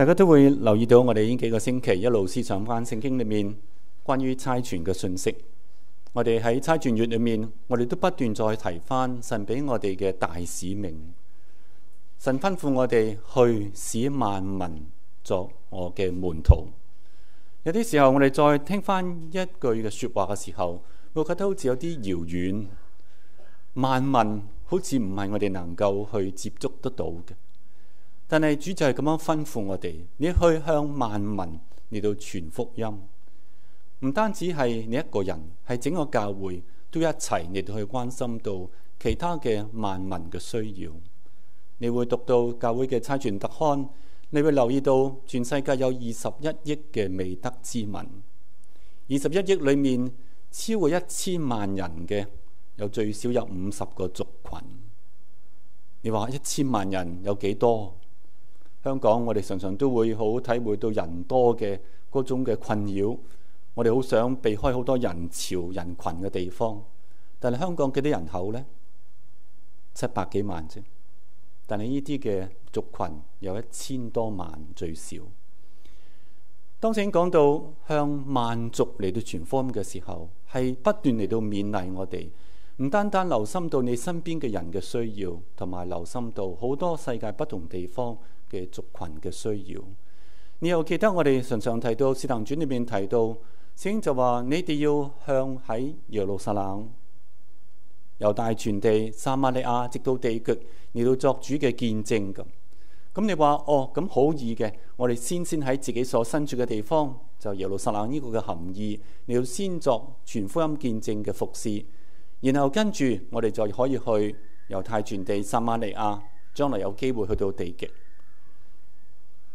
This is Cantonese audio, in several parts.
大家都會留意到，我哋已經幾個星期一路思想翻聖經裏面關於差傳嘅信息。我哋喺差傳月裏面，我哋都不斷再提翻神俾我哋嘅大使命。神吩咐我哋去使萬民作我嘅門徒。有啲時候我哋再聽翻一句嘅說話嘅時候，會覺得好似有啲遙遠，萬民好似唔係我哋能夠去接觸得到嘅。但係主就係咁樣吩咐我哋，你去向萬民嚟到傳福音，唔單止係你一個人，係整個教會都一齊嚟到去關心到其他嘅萬民嘅需要。你會讀到教會嘅差傳特刊，你會留意到全世界有二十一億嘅未得之民，二十一億裡面超過一千萬人嘅，有最少有五十個族群。你話一千萬人有幾多？香港，我哋常常都會好，好體會到人多嘅嗰種嘅困擾，我哋好想避開好多人潮人群嘅地方。但係香港幾多人口呢？七百幾萬啫。但係呢啲嘅族群有一千多萬最少。當前講到向萬族嚟到傳福音嘅時候，係不斷嚟到勉勵我哋，唔單單留心到你身邊嘅人嘅需要，同埋留心到好多世界不同地方。嘅族群嘅需要，你又記得我哋常常提到《使徒行傳》裏面提到，聖經就話，你哋要向喺耶路撒冷、猶太全地撒瑪利亞直到地極，嚟到作主嘅見證。咁、嗯、咁，你話哦，咁好易嘅。我哋先先喺自己所身處嘅地方，就耶路撒冷呢個嘅含義，你要先作全福音見證嘅服侍，然後跟住我哋就可以去猶太全地撒瑪利亞，將來有機會去到地極。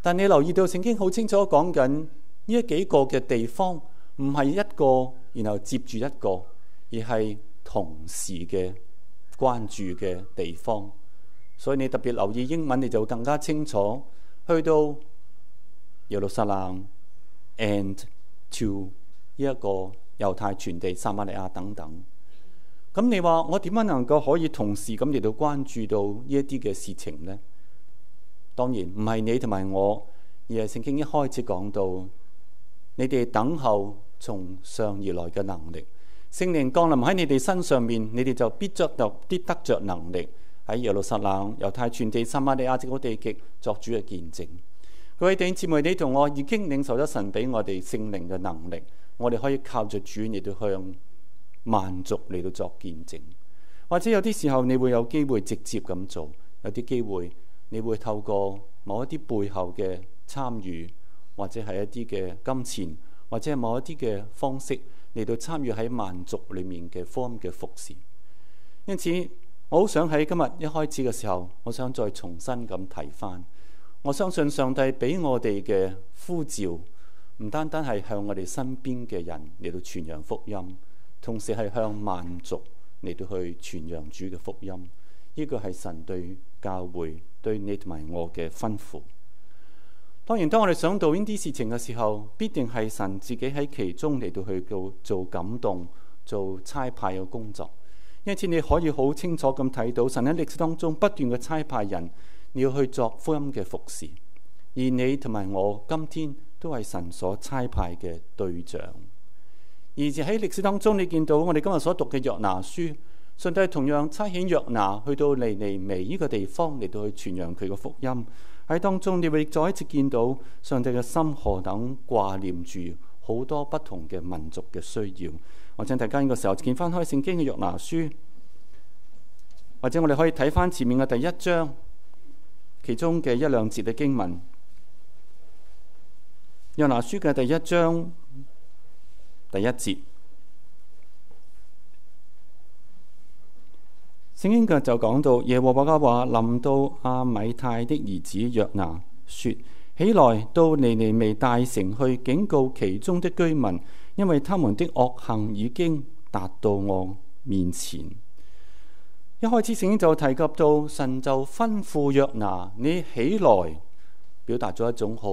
但你留意到，聖經好清楚講緊呢一幾個嘅地方，唔係一個然後接住一個，而係同時嘅關注嘅地方。所以你特別留意英文，你就更加清楚。去到耶路撒冷，and to 呢一個猶太全地撒瑪利亞等等。咁你話我點樣能夠可以同時咁嚟到關注到呢一啲嘅事情呢？當然唔係你同埋我，而係聖經一開始講到你哋等候從上而來嘅能力，聖靈降臨喺你哋身上面，你哋就必作到啲得着能力喺耶路撒冷、猶太全地、撒瑪利亞直到地極作主嘅見證。各位弟兄姊妹，你同我已經領受咗神俾我哋聖靈嘅能力，我哋可以靠著主嚟到向萬族嚟到作見證，或者有啲時候你會有機會直接咁做，有啲機會。你會透過某一啲背後嘅參與，或者係一啲嘅金錢，或者係某一啲嘅方式嚟到參與喺萬族裡面嘅福音嘅服事。因此，我好想喺今日一開始嘅時候，我想再重新咁提返。我相信上帝俾我哋嘅呼召，唔單單係向我哋身邊嘅人嚟到傳揚福音，同時係向萬族嚟到去傳揚主嘅福音。呢、這個係神對教會對你同埋我嘅吩咐。當然當我哋想到呢啲事情嘅時候，必定係神自己喺其中嚟到去做感動、做差派嘅工作。因此你可以好清楚咁睇到神喺歷史當中不斷嘅差派人，你要去作福音嘅服侍。而你同埋我今天都係神所差派嘅對象。而且喺歷史當中，你見到我哋今日所讀嘅約拿書。上帝同樣差遣約拿去到尼尼微呢個地方嚟到去傳揚佢嘅福音。喺當中，你會再一次見到上帝嘅心何等掛念住好多不同嘅民族嘅需要。我請大家呢個時候見翻開《聖經》嘅約拿書，或者我哋可以睇翻前面嘅第一章，其中嘅一兩節嘅經文。約拿書嘅第一章第一節。聖經就講到耶和伯家話，臨到阿米太的兒子約拿，說：起來到尼尼微大城去警告其中的居民，因為他們的惡行已經達到我面前。一開始聖經就提及到神就吩咐約拿，你起來，表達咗一種好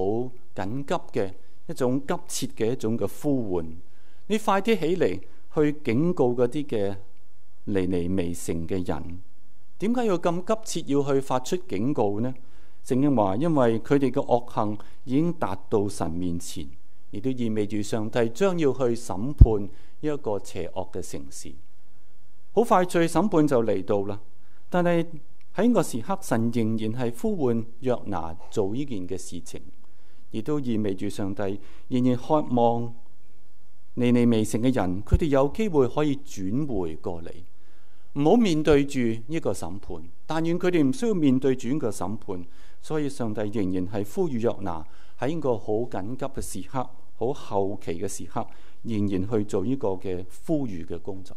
緊急嘅一種急切嘅一種嘅呼喚，你快啲起嚟去警告嗰啲嘅。尼尼微城嘅人，點解要咁急切要去發出警告呢？正因話，因為佢哋嘅惡行已經達到神面前，亦都意味住上帝將要去審判呢一個邪惡嘅城市。好快，最審判就嚟到啦。但係喺呢個時刻，神仍然係呼喚約拿做呢件嘅事情，亦都意味住上帝仍然渴望尼尼微城嘅人，佢哋有機會可以轉回過嚟。唔好面對住呢個審判，但願佢哋唔需要面對住呢個審判。所以，上帝仍然係呼籲約拿喺呢個好緊急嘅時刻、好後期嘅時刻，仍然去做呢個嘅呼籲嘅工作。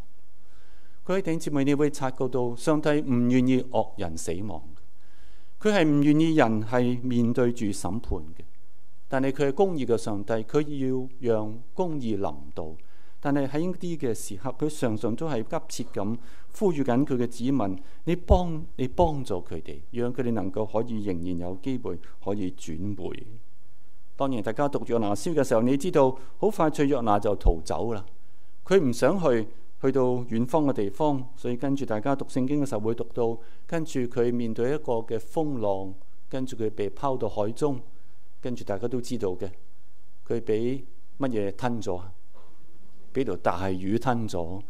佢喺頂節目你會察覺到，上帝唔願意惡人死亡，佢係唔願意人係面對住審判嘅。但係佢係公義嘅上帝，佢要讓公義臨到。但係喺呢啲嘅時刻，佢常常都係急切咁呼籲緊佢嘅子民，你幫你幫助佢哋，讓佢哋能夠可以仍然有機會可以轉回。當然，大家讀約拿書嘅時候，你知道好快，脆約拿就逃走啦。佢唔想去去到遠方嘅地方，所以跟住大家讀聖經嘅時候會讀到，跟住佢面對一個嘅風浪，跟住佢被拋到海中，跟住大家都知道嘅，佢俾乜嘢吞咗？俾條大魚吞咗，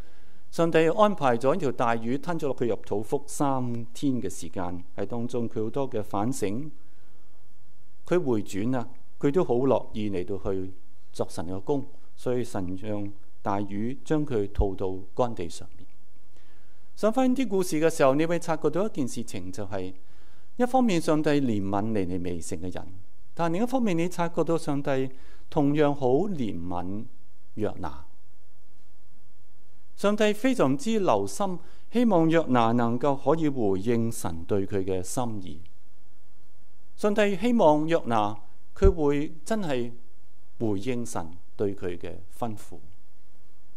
上帝安排咗呢條大魚吞咗落佢入肚腹三天嘅時間喺當中，佢好多嘅反省，佢回轉啊，佢都好樂意嚟到去作神嘅工。所以神讓大魚將佢吐到乾地上面。想翻呢啲故事嘅時候，你會察覺到一件事情，就是，就係一方面上帝憐憫尼尼微城嘅人，但另一方面你察覺到上帝同樣好憐憫約拿。上帝非常之留心，希望約拿能夠可以回應神對佢嘅心意。上帝希望約拿，佢會真係回應神對佢嘅吩咐。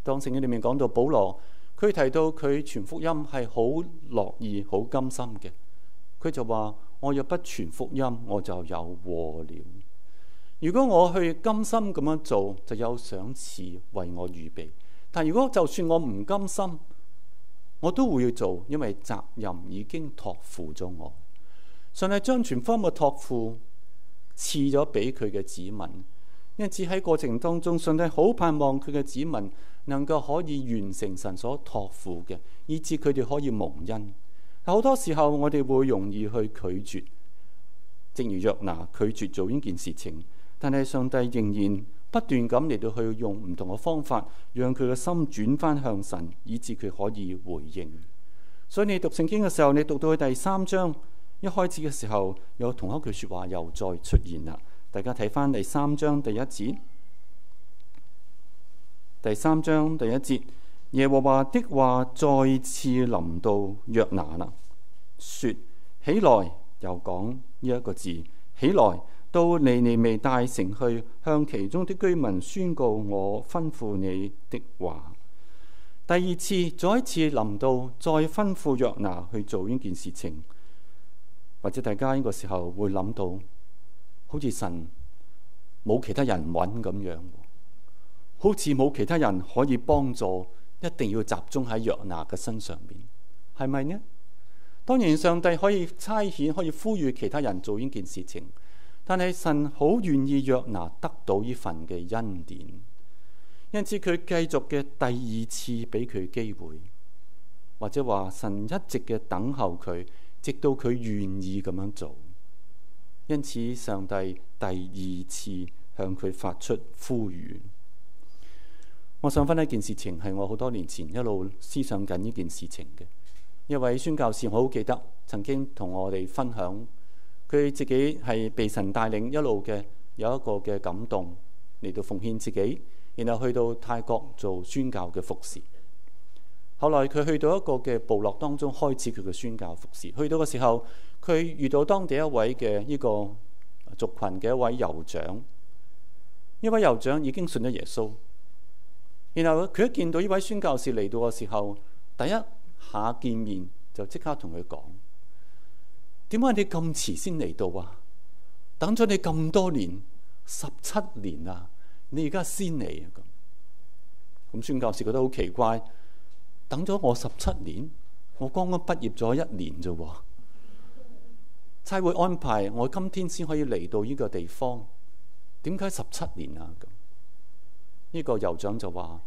當聖經裏面講到保羅，佢提到佢傳福音係好樂意、好甘心嘅。佢就話：我若不傳福音，我就有禍了。如果我去甘心咁樣做，就有賞賜為我預備。但如果就算我唔甘心，我都會要做，因為責任已經托付咗我。上帝將全方嘅託付賜咗俾佢嘅子民，因此喺過程當中，上帝好盼望佢嘅子民能夠可以完成神所託付嘅，以至佢哋可以蒙恩。好多時候我哋會容易去拒絕，正如約拿拒絕做呢件事情，但係上帝仍然。不斷咁嚟到去用唔同嘅方法，讓佢嘅心轉返向神，以致佢可以回應。所以你讀聖經嘅時候，你讀到佢第三章一開始嘅時候，有同一句説話又再出現啦。大家睇翻第三章第一節。第三章第一節，耶和華的話再次臨到約拿啦，説：起來！又講呢一個字：起來！到尼尼微大城去，向其中的居民宣告我吩咐你的話。第二次，再一次臨到，再吩咐約拿去做呢件事情。或者大家呢個時候會諗到，好似神冇其他人揾咁樣，好似冇其他人可以幫助，一定要集中喺約拿嘅身上面，係咪呢？當然，上帝可以差遣，可以呼籲其他人做呢件事情。但係神好願意約拿得到呢份嘅恩典，因此佢繼續嘅第二次俾佢機會，或者話神一直嘅等候佢，直到佢願意咁樣做。因此上帝第二次向佢發出呼籲。我想翻一件事情，係我好多年前一路思想緊呢件事情嘅一位宣教士，我好記得曾經同我哋分享。佢自己係被神帶領一路嘅，有一個嘅感動嚟到奉獻自己，然後去到泰國做宣教嘅服侍。後來佢去到一個嘅部落當中開始佢嘅宣教服侍。去到嘅時候，佢遇到當地一位嘅呢個族群嘅一位酋長，呢位酋長已經信咗耶穌。然後佢一見到呢位宣教士嚟到嘅時候，第一下見面就即刻同佢講。點解你咁遲先嚟到啊？等咗你咁多年，十七年啊！你而家先嚟啊？咁咁，宣教士覺得好奇怪，等咗我十七年，我剛剛畢業咗一年啫喎。差會安排我今天先可以嚟到呢個地方，點解十七年啊？咁、這、呢個酋長就話：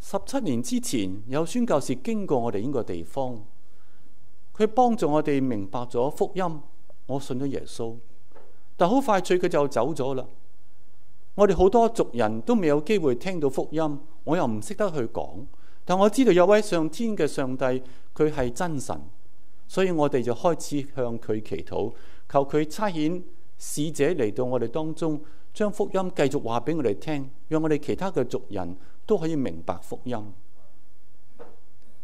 十七年之前有宣教士經過我哋呢個地方。佢幫助我哋明白咗福音，我信咗耶穌，但好快脆佢就走咗啦。我哋好多族人都未有機會聽到福音，我又唔識得去講，但我知道有位上天嘅上帝，佢係真神，所以我哋就開始向佢祈禱，求佢差遣使者嚟到我哋當中，將福音繼續話俾我哋聽，讓我哋其他嘅族人都可以明白福音。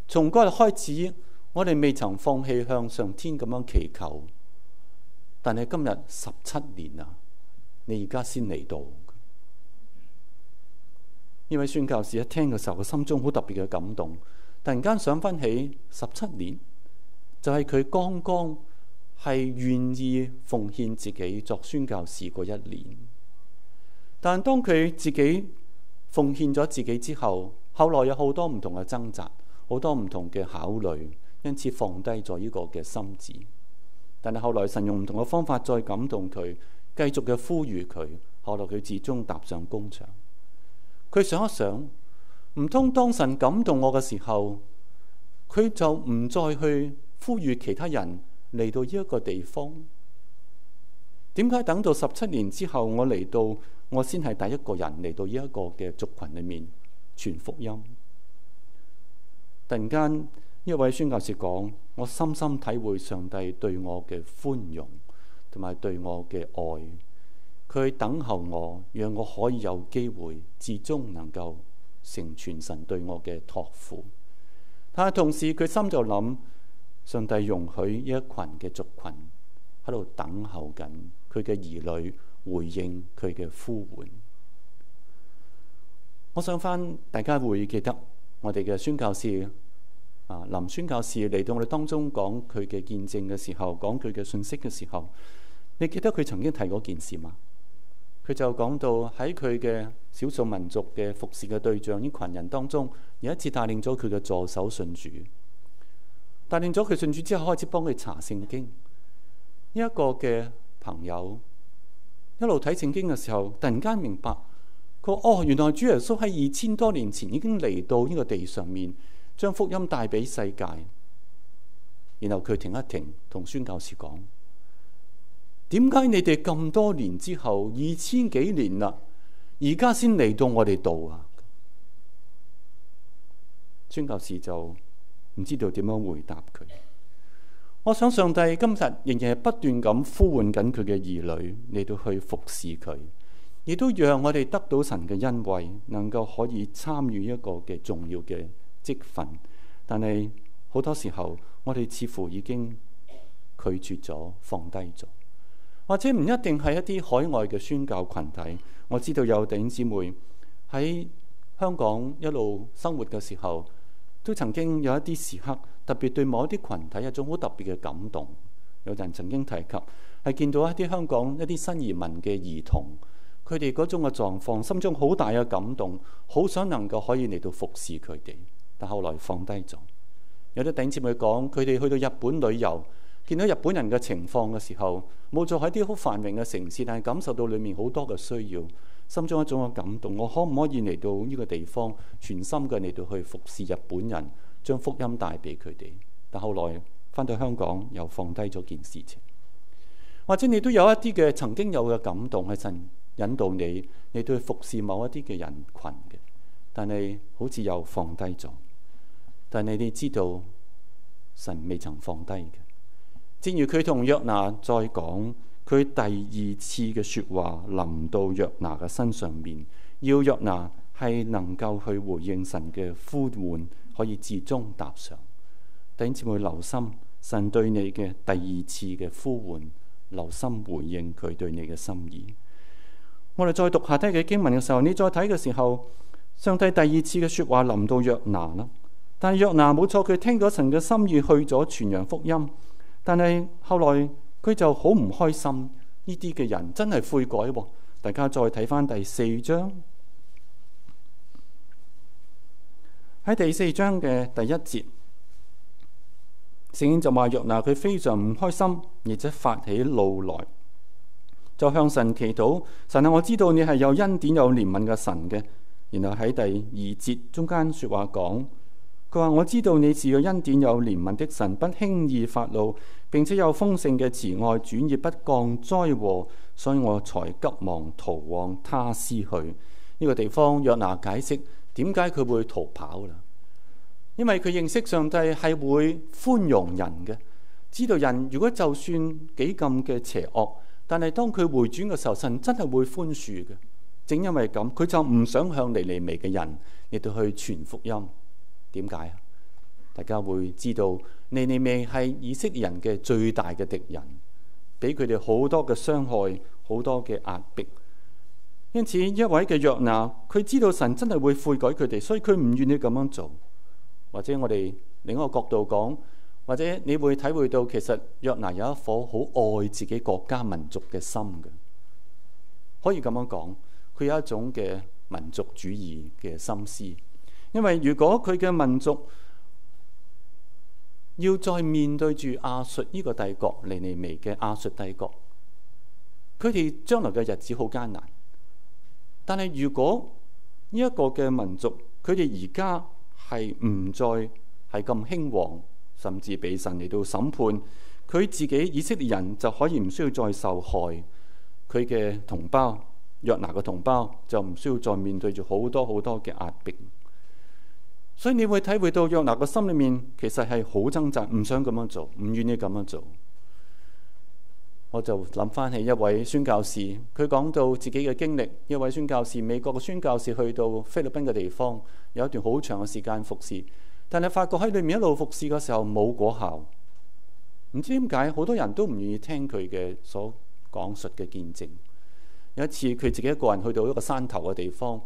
從嗰日開始，我哋未曾放棄向上天咁樣祈求，但係今日十七年啊，你而家先嚟到。呢位宣教士一聽嘅時候，佢心中好特別嘅感動，突然間想返起十七年就係、是、佢剛剛係願意奉獻自己作宣教士嗰一年。但當佢自己奉獻咗自己之後，後來有好多唔同嘅掙扎，好多唔同嘅考慮。因此放低咗呢個嘅心志，但係後來神用唔同嘅方法再感動佢，繼續嘅呼籲佢，後來佢始終踏上工場。佢想一想，唔通當神感動我嘅時候，佢就唔再去呼籲其他人嚟到呢一個地方？點解等到十七年之後我，我嚟到我先係第一個人嚟到呢一個嘅族群裏面傳福音？突然間。一位宣教士講：我深深體會上帝對我嘅寬容，同埋對我嘅愛。佢等候我，讓我可以有機會，至終能夠成全神對我嘅託付。但係同時，佢心就諗：上帝容許一群嘅族群喺度等候緊，佢嘅兒女回應佢嘅呼喚。我想返大家會記得我哋嘅宣教士。林宣教士嚟到我哋當中講佢嘅見證嘅時候，講佢嘅信息嘅時候，你記得佢曾經提過件事嗎？佢就講到喺佢嘅少數民族嘅服侍嘅對象呢群人當中，有一次帶領咗佢嘅助手信主，帶領咗佢信主之後開始幫佢查聖經。呢一個嘅朋友一路睇聖經嘅時候，突然間明白，佢哦，原來主耶穌喺二千多年前已經嚟到呢個地上面。將福音帶俾世界，然後佢停一停，同孫教士講：點解你哋咁多年之後，二千幾年啦，而家先嚟到我哋度啊？孫教士就唔知道點樣回答佢。我想上帝今日仍然係不斷咁呼喚緊佢嘅兒女嚟到去服侍佢，亦都讓我哋得到神嘅恩惠，能夠可以參與一個嘅重要嘅。積，但係好多時候，我哋似乎已經拒絕咗放低咗，或者唔一定係一啲海外嘅宣教群體。我知道有弟兄姊妹喺香港一路生活嘅時候，都曾經有一啲時刻，特別對某一啲群體一種好特別嘅感動。有人曾經提及係見到一啲香港一啲新移民嘅兒童，佢哋嗰種嘅狀況，心中好大嘅感動，好想能夠可以嚟到服侍佢哋。但後來放低咗，有啲頂尖佢講，佢哋去到日本旅遊，見到日本人嘅情況嘅時候，冇做喺啲好繁榮嘅城市，但係感受到裏面好多嘅需要，心中一種嘅感動，我可唔可以嚟到呢個地方，全心嘅嚟到去服侍日本人，將福音帶俾佢哋？但後來返到香港又放低咗件事情，或者你都有一啲嘅曾經有嘅感動喺身，引導你，你都去服侍某一啲嘅人群嘅。但係好似又放低咗，但你哋知道神未曾放低嘅。正如佢同約拿再講，佢第二次嘅說話臨到約拿嘅身上面，要約拿係能夠去回應神嘅呼喚，可以至終踏上。頂住會留心神對你嘅第二次嘅呼喚，留心回應佢對你嘅心意。我哋再讀下低嘅經文嘅時候，你再睇嘅時候。上帝第二次嘅說話臨到約拿啦，但係約拿冇錯，佢聽咗神嘅心意去咗傳揚福音。但係後來佢就好唔開心，呢啲嘅人真係悔改哦。大家再睇翻，第四章喺第四章嘅第一節，聖經就話約拿佢非常唔開心，而且發起怒來，就向神祈禱。神啊，我知道你係有恩典、有憐憫嘅神嘅。然後喺第二節中間說話講，佢話，我知道你是有恩典、有憐憫的神，不輕易發怒，並且有豐盛嘅慈愛，轉意不降災禍，所以我才急忙逃往他施去呢、這個地方。約拿解釋點解佢會逃跑，啦。因為佢認識上帝係會寬容人嘅，知道人如果就算幾咁嘅邪惡，但係當佢回轉嘅時候，神真係會寬恕嘅。正因為咁，佢就唔想向尼尼微嘅人亦都去傳福音。點解啊？大家會知道尼尼微係以色列人嘅最大嘅敵人，俾佢哋好多嘅傷害，好多嘅壓迫。因此，一位嘅約拿，佢知道神真係會悔改佢哋，所以佢唔願意咁樣做。或者我哋另一個角度講，或者你會體會到，其實約拿有一顆好愛自己國家民族嘅心嘅，可以咁樣講。佢有一種嘅民族主義嘅心思，因為如果佢嘅民族要再面對住亞述呢個帝國，尼尼微嘅亞述帝國，佢哋將來嘅日子好艱難。但係如果呢一個嘅民族，佢哋而家係唔再係咁興旺，甚至被神嚟到審判，佢自己以色列人就可以唔需要再受害佢嘅同胞。約拿個同胞就唔需要再面對住好多好多嘅壓迫，所以你會體會到約拿個心裏面其實係好掙扎，唔想咁樣做，唔願意咁樣做。我就諗返起一位宣教士，佢講到自己嘅經歷。一位宣教士，美國嘅宣教士去到菲律賓嘅地方，有一段好長嘅時間服侍，但係發覺喺裡面一路服侍嘅時候冇果效，唔知點解好多人都唔願意聽佢嘅所講述嘅見證。有一次，佢自己一個人去到一個山頭嘅地方，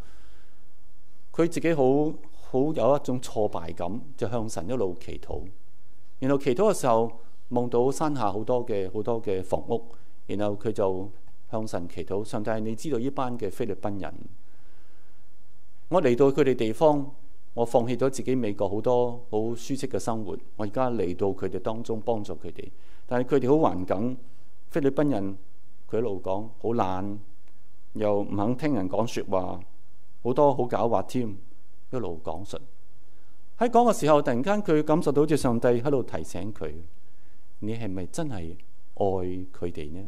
佢自己好好有一種挫敗感，就向神一路祈禱。然後祈禱嘅時候，望到山下好多嘅好多嘅房屋，然後佢就向神祈禱：上帝，你知道呢班嘅菲律賓人，我嚟到佢哋地方，我放棄咗自己美國好多好舒適嘅生活，我而家嚟到佢哋當中幫助佢哋，但係佢哋好環境，菲律賓人佢一路講好懶。又唔肯聽人講說話，好多好狡猾添，一路講述喺講嘅時候，突然間佢感受到好似上帝喺度提醒佢：你係咪真係愛佢哋呢？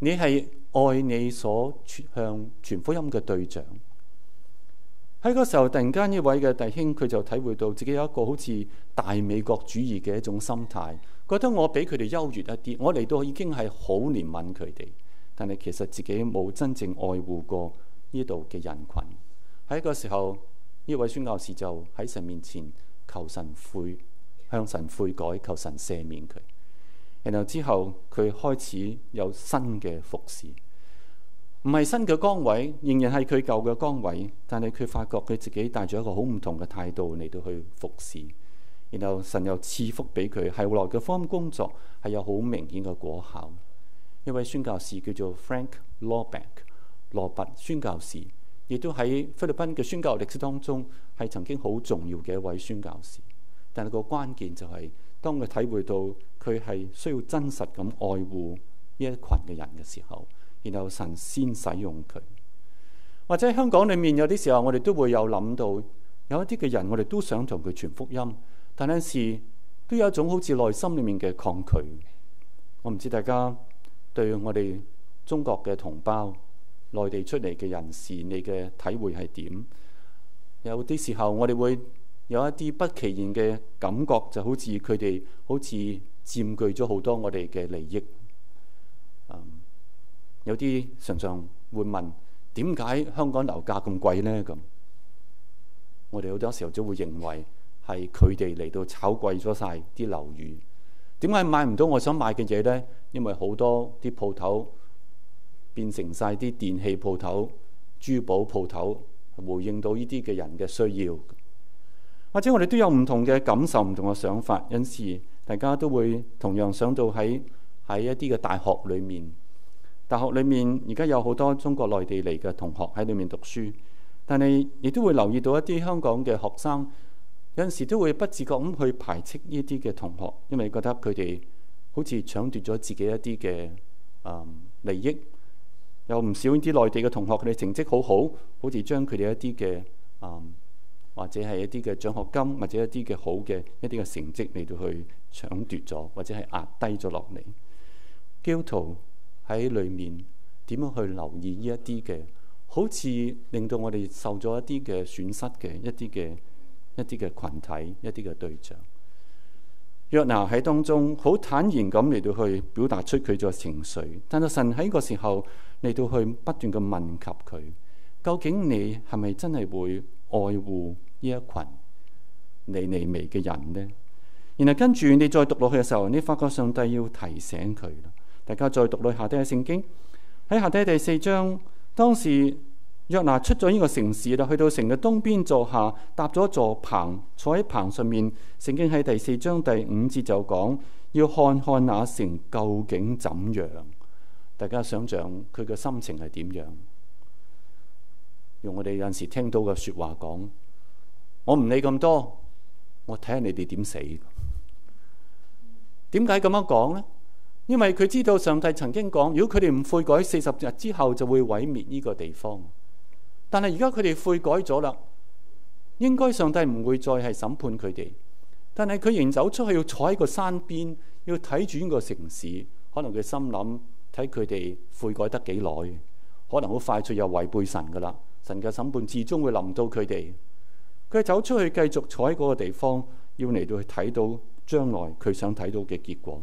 你係愛你所向傳福音嘅對象喺嗰時候，突然間呢位嘅弟兄佢就體會到自己有一個好似大美國主義嘅一種心態，覺得我比佢哋優越一啲，我嚟到已經係好憐憫佢哋。但係其實自己冇真正愛護過呢度嘅人群。喺一個時候，呢位宣教士就喺神面前求神悔，向神悔改，求神赦免佢。然後之後，佢開始有新嘅服侍，唔係新嘅崗位，仍然係佢舊嘅崗位。但係佢發覺佢自己帶住一個好唔同嘅態度嚟到去服侍。然後神又賜福俾佢，後來嘅方工作係有好明顯嘅果效。一位宣教士叫做 Frank Laubach 羅拔宣教士，亦都喺菲律賓嘅宣教歷史當中係曾經好重要嘅一位宣教士。但係個關鍵就係、是、當佢體會到佢係需要真實咁愛護呢一群嘅人嘅時候，然後神先使用佢。或者香港裏面有啲時候，我哋都會有諗到有一啲嘅人，我哋都想同佢傳福音，但係有時都有一種好似內心裏面嘅抗拒。我唔知大家。對我哋中國嘅同胞，內地出嚟嘅人士，你嘅體會係點？有啲時候我哋會有一啲不期然嘅感覺，就好似佢哋好似佔據咗好多我哋嘅利益。有啲常常會問，點解香港樓價咁貴呢？咁，我哋好多時候都會認為係佢哋嚟到炒貴咗晒啲樓宇。點解買唔到我想買嘅嘢呢？因為好多啲鋪頭變成晒啲電器鋪頭、珠寶鋪頭，回應到呢啲嘅人嘅需要。或者我哋都有唔同嘅感受、唔同嘅想法，因此大家都會同樣想到喺喺一啲嘅大學裏面。大學裏面而家有好多中國內地嚟嘅同學喺裏面讀書，但係亦都會留意到一啲香港嘅學生。有陣時都會不自覺咁去排斥呢啲嘅同學，因為覺得佢哋好似搶奪咗自己一啲嘅、嗯、利益。有唔少呢啲內地嘅同學，佢哋成績好好，好似將佢哋一啲嘅、嗯、或者係一啲嘅獎學金，或者一啲嘅好嘅一啲嘅成績嚟到去搶奪咗，或者係壓低咗落嚟。基督徒喺裏面點樣去留意呢一啲嘅，好似令到我哋受咗一啲嘅損失嘅一啲嘅。一啲嘅群體，一啲嘅對象。約拿喺當中好坦然咁嚟到去表達出佢嘅情緒，但係神喺個時候嚟到去不斷嘅問及佢，究竟你係咪真係會愛護呢一群尼尼微嘅人呢？然後跟住你再讀落去嘅時候，你發覺上帝要提醒佢啦。大家再讀落下低嘅聖經，喺下低第四章，當時。約拿出咗呢個城市啦，去到城嘅東邊坐下，搭咗一座棚，坐喺棚上面。聖經喺第四章第五節就講，要看看那城究竟怎樣。大家想象佢嘅心情係點樣？用我哋有時聽到嘅說話講，我唔理咁多，我睇下你哋點死。點解咁樣講呢？因為佢知道上帝曾經講，如果佢哋唔悔改，四十日之後就會毀滅呢個地方。但係而家佢哋悔改咗啦，應該上帝唔會再係審判佢哋。但係佢仍走出去要坐喺個山邊，要睇住呢個城市，可能佢心諗睇佢哋悔改得幾耐，可能好快速又違背神噶啦。神嘅審判至終會臨到佢哋。佢走出去繼續坐喺嗰個地方，要嚟到去睇到將來佢想睇到嘅結果。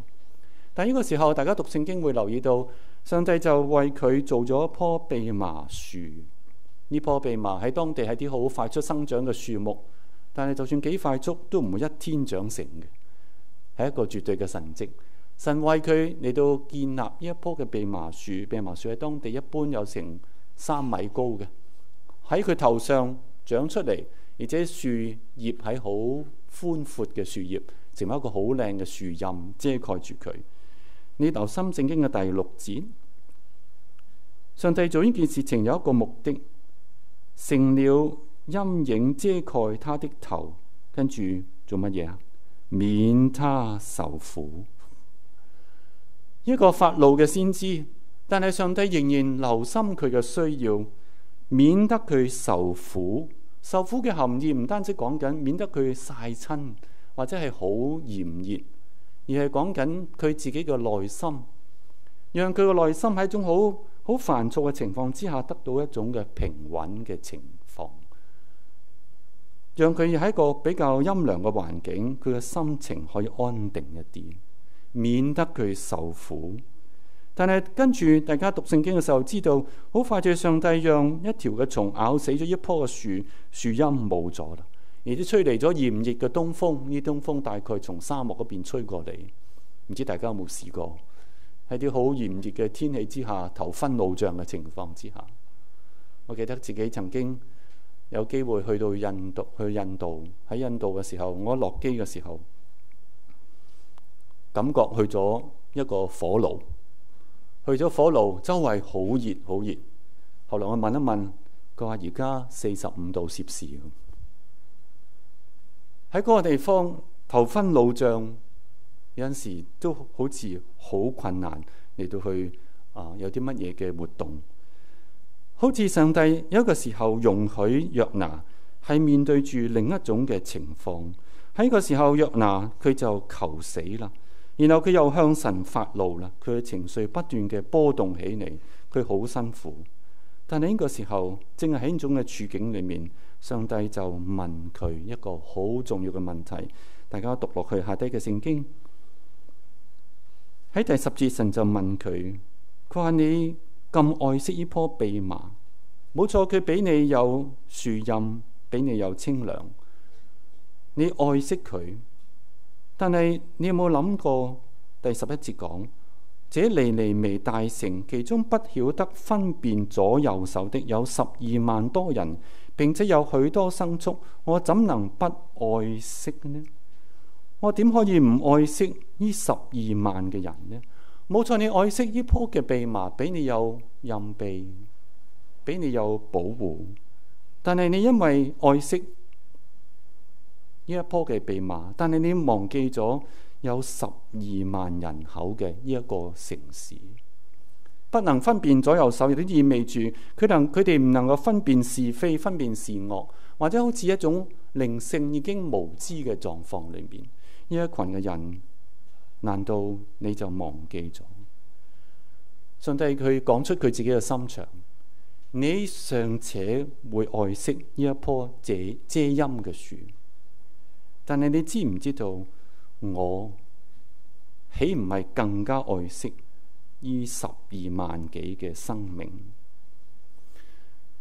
但呢個時候，大家讀聖經會留意到，上帝就為佢做咗一棵蓖麻樹。呢棵蓖麻喺當地係啲好快速生長嘅樹木，但係就算幾快速都唔會一天長成嘅，係一個絕對嘅神跡。神為佢嚟到建立呢一棵嘅蓖麻樹。蓖麻樹喺當地一般有成三米高嘅，喺佢頭上長出嚟，而且樹葉喺好寬闊嘅樹葉，成為一個好靚嘅樹蔭，遮蓋住佢。你留心聖經嘅第六節，上帝做呢件事情有一個目的。成了陰影遮蓋他的頭，跟住做乜嘢啊？免他受苦。一個發怒嘅先知，但係上帝仍然留心佢嘅需要，免得佢受苦。受苦嘅含義唔單止講緊免得佢曬親或者係好炎熱，而係講緊佢自己嘅內心，讓佢嘅內心喺一種好。好煩躁嘅情況之下，得到一種嘅平穩嘅情況，讓佢喺一個比較陰涼嘅環境，佢嘅心情可以安定一啲，免得佢受苦。但係跟住大家讀聖經嘅時候，知道好快就上帝讓一條嘅蟲咬死咗一棵樹，樹蔭冇咗啦，而且吹嚟咗炎熱嘅東風，呢東風大概從沙漠嗰邊吹過嚟，唔知大家有冇試過？喺啲好炎熱嘅天氣之下，頭昏腦脹嘅情況之下，我記得自己曾經有機會去到印度，去印度喺印度嘅時候，我一落機嘅時候，感覺去咗一個火爐，去咗火爐，周圍好熱好熱。後來我問一問，佢話而家四十五度攝氏。喺嗰個地方，頭昏腦脹。有陣時都好似好困難嚟到去啊，有啲乜嘢嘅活動，好似上帝有個時候容許約拿係面對住另一種嘅情況，喺呢個時候，約拿佢就求死啦。然後佢又向神發怒啦，佢嘅情緒不斷嘅波動起嚟，佢好辛苦。但係呢個時候正係喺呢種嘅處境裡面，上帝就問佢一個好重要嘅問題。大家讀落去下低嘅聖經。喺第十節，神就問佢，佢話，你咁愛惜呢棵蓖麻，冇錯，佢畀你有樹蔭，畀你有清涼，你愛惜佢，但係你有冇諗過？第十一節講，這尼尼微大城，其中不曉得分辨左右手的有十二萬多人，並且有許多牲畜，我怎能不愛惜呢？我點可以唔愛惜呢十二萬嘅人呢？冇錯，你愛惜呢棵嘅蓖麻，俾你有蔭庇，俾你有保護。但係你因為愛惜呢一棵嘅蓖麻，但係你忘記咗有十二萬人口嘅呢一個城市，不能分辨左右手，亦都意味住佢能佢哋唔能夠分辨是非、分辨善惡，或者好似一種靈性已經無知嘅狀況裏面。呢一群嘅人，難道你就忘記咗？上帝佢講出佢自己嘅心腸，你尚且會愛惜呢一棵遮遮陰嘅樹，但係你知唔知道，我豈唔係更加愛惜呢十二萬幾嘅生命？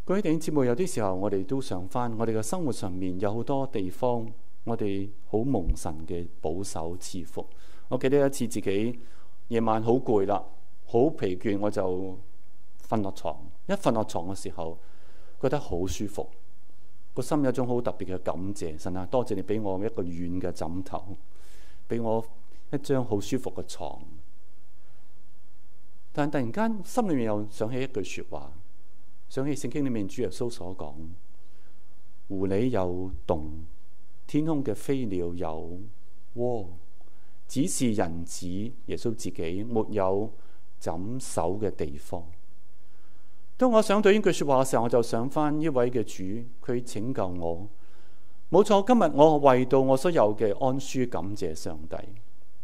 電影節目有啲時候我，我哋都想翻，我哋嘅生活上面有好多地方。我哋好蒙神嘅保守賜福。我記得有一次自己夜晚好攰啦，好疲倦，我就瞓落床。一瞓落床嘅時候，覺得好舒服，個心有一種好特別嘅感謝神啊！多謝你俾我一個軟嘅枕頭，俾我一張好舒服嘅床。但係突然間心裏面又想起一句說話，想起聖經裏面主耶穌所講：狐狸有洞。天空嘅飛鳥有窩，只是人子耶穌自己沒有枕首嘅地方。當我想到呢句説話嘅時候，我就想翻呢位嘅主，佢拯救我。冇錯，今日我為到我所有嘅安舒感謝上帝，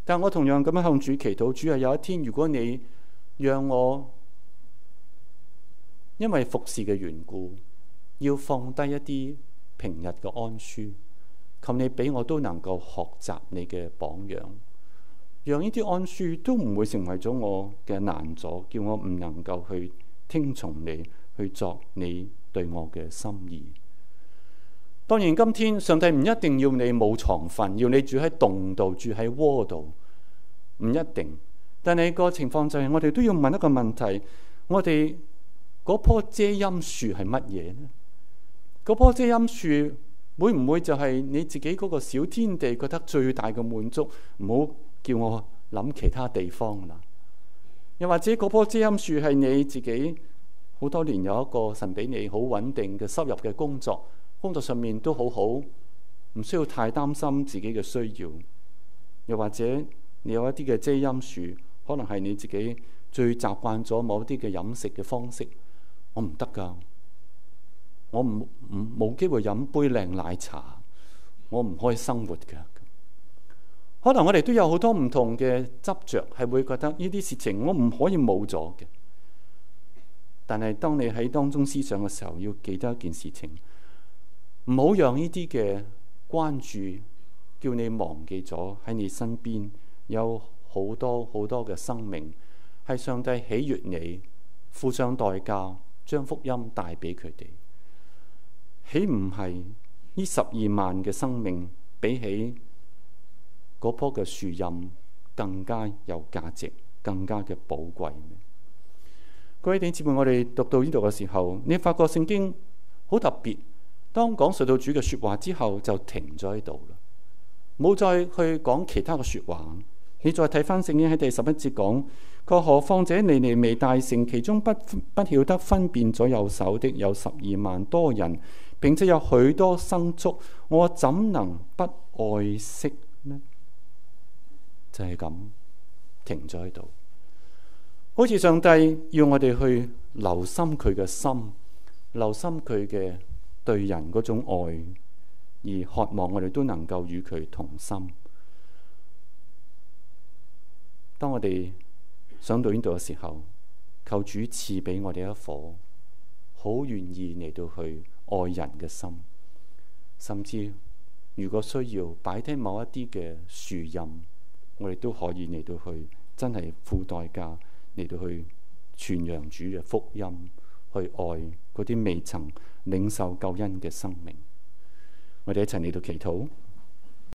但我同樣咁樣向主祈禱。主啊，有一天如果你讓我因為服侍嘅緣故要放低一啲平日嘅安舒。求你俾我都能夠學習你嘅榜樣，讓呢啲桉樹都唔會成為咗我嘅難阻，叫我唔能夠去聽從你，去作你對我嘅心意。當然，今天上帝唔一定要你冇床瞓，要你住喺洞度，住喺窩度，唔一定。但係個情況就係，我哋都要問一個問題：我哋嗰棵遮陰樹係乜嘢呢？嗰棵遮陰樹。會唔會就係你自己嗰個小天地覺得最大嘅滿足？唔好叫我諗其他地方啦。又或者嗰棵遮陰樹係你自己好多年有一個神俾你好穩定嘅收入嘅工作，工作上面都好好，唔需要太擔心自己嘅需要。又或者你有一啲嘅遮陰樹，可能係你自己最習慣咗某啲嘅飲食嘅方式。我唔得㗎。我唔唔冇機會飲杯靚奶茶，我唔可以生活嘅。可能我哋都有好多唔同嘅執着，係會覺得呢啲事情我唔可以冇咗嘅。但係當你喺當中思想嘅時候，要記得一件事情，唔好讓呢啲嘅關注叫你忘記咗喺你身邊有好多好多嘅生命係上帝喜悅你，付上代價將福音帶俾佢哋。豈唔係呢？十二萬嘅生命比起嗰棵嘅樹蔭更加有價值，更加嘅寶貴。各位弟兄姊妹，我哋讀到呢度嘅時候，你發覺聖經好特別。當講神道主嘅說話之後，就停咗喺度啦，冇再去講其他嘅說話。你再睇翻聖經喺第十一節講：，卻何況者，尼尼微大城其中不不曉得分辨左右手的有十二萬多人。並且有許多牲畜，我怎能不愛惜呢？就係、是、咁停咗喺度，好似上帝要我哋去留心佢嘅心，留心佢嘅對人嗰種愛，而渴望我哋都能夠與佢同心。當我哋想到呢度嘅時候，求主賜俾我哋一顆好願意嚟到去。愛人嘅心，甚至如果需要擺低某一啲嘅樹蔭，我哋都可以嚟到去，真係付代價嚟到去傳揚主嘅福音，去愛嗰啲未曾領受救恩嘅生命。我哋一齊嚟到祈禱。